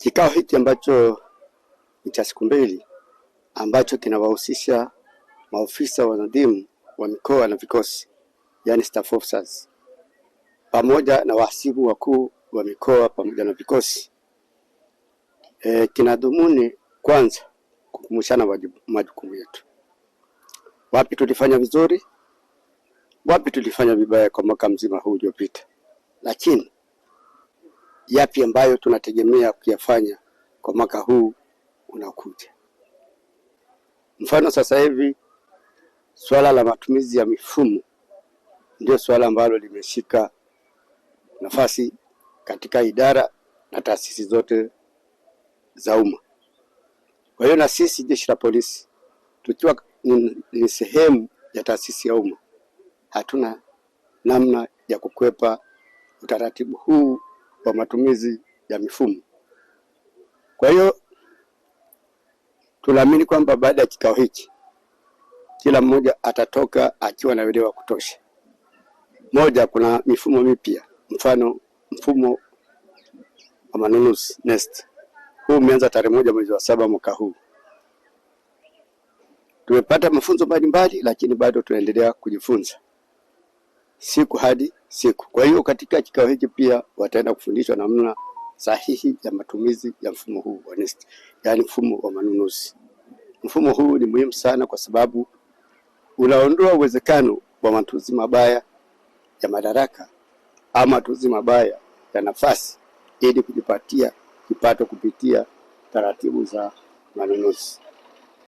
Kikao hiki ambacho ni cha siku mbili ambacho kinawahusisha maofisa wanadhimu wa mikoa na vikosi, yani staff officers, pamoja na wahasibu wakuu wa mikoa pamoja na vikosi e, kina dhumuni kwanza kukumbushana majukumu yetu, wapi tulifanya vizuri, wapi tulifanya vibaya kwa mwaka mzima huu uliopita, lakini yapi ambayo tunategemea kuyafanya kwa mwaka huu unakuja. Mfano, sasa hivi swala la matumizi ya mifumo ndio swala ambalo limeshika nafasi katika idara na taasisi zote za umma. Kwa hiyo na sisi jeshi la polisi tukiwa ni sehemu ya taasisi ya umma, hatuna namna ya kukwepa utaratibu huu wa matumizi ya mifumo. Kwa hiyo tunaamini kwamba baada ya kikao hiki kila mmoja atatoka akiwa na uelewa wa kutosha. Moja, kuna mifumo mipya, mfano mfumo wa manunuzi NeST, huu umeanza tarehe moja mwezi wa saba mwaka huu. Tumepata mafunzo mbalimbali, lakini bado tunaendelea kujifunza siku hadi siku. Kwa hiyo katika kikao hiki pia wataenda kufundishwa namna sahihi ya matumizi ya mfumo huu wa NeST, yaani mfumo wa manunuzi. Mfumo huu ni muhimu sana kwa sababu unaondoa uwezekano wa matumizi mabaya ya madaraka ama matumizi mabaya ya nafasi ili kujipatia kipato kupitia taratibu za manunuzi.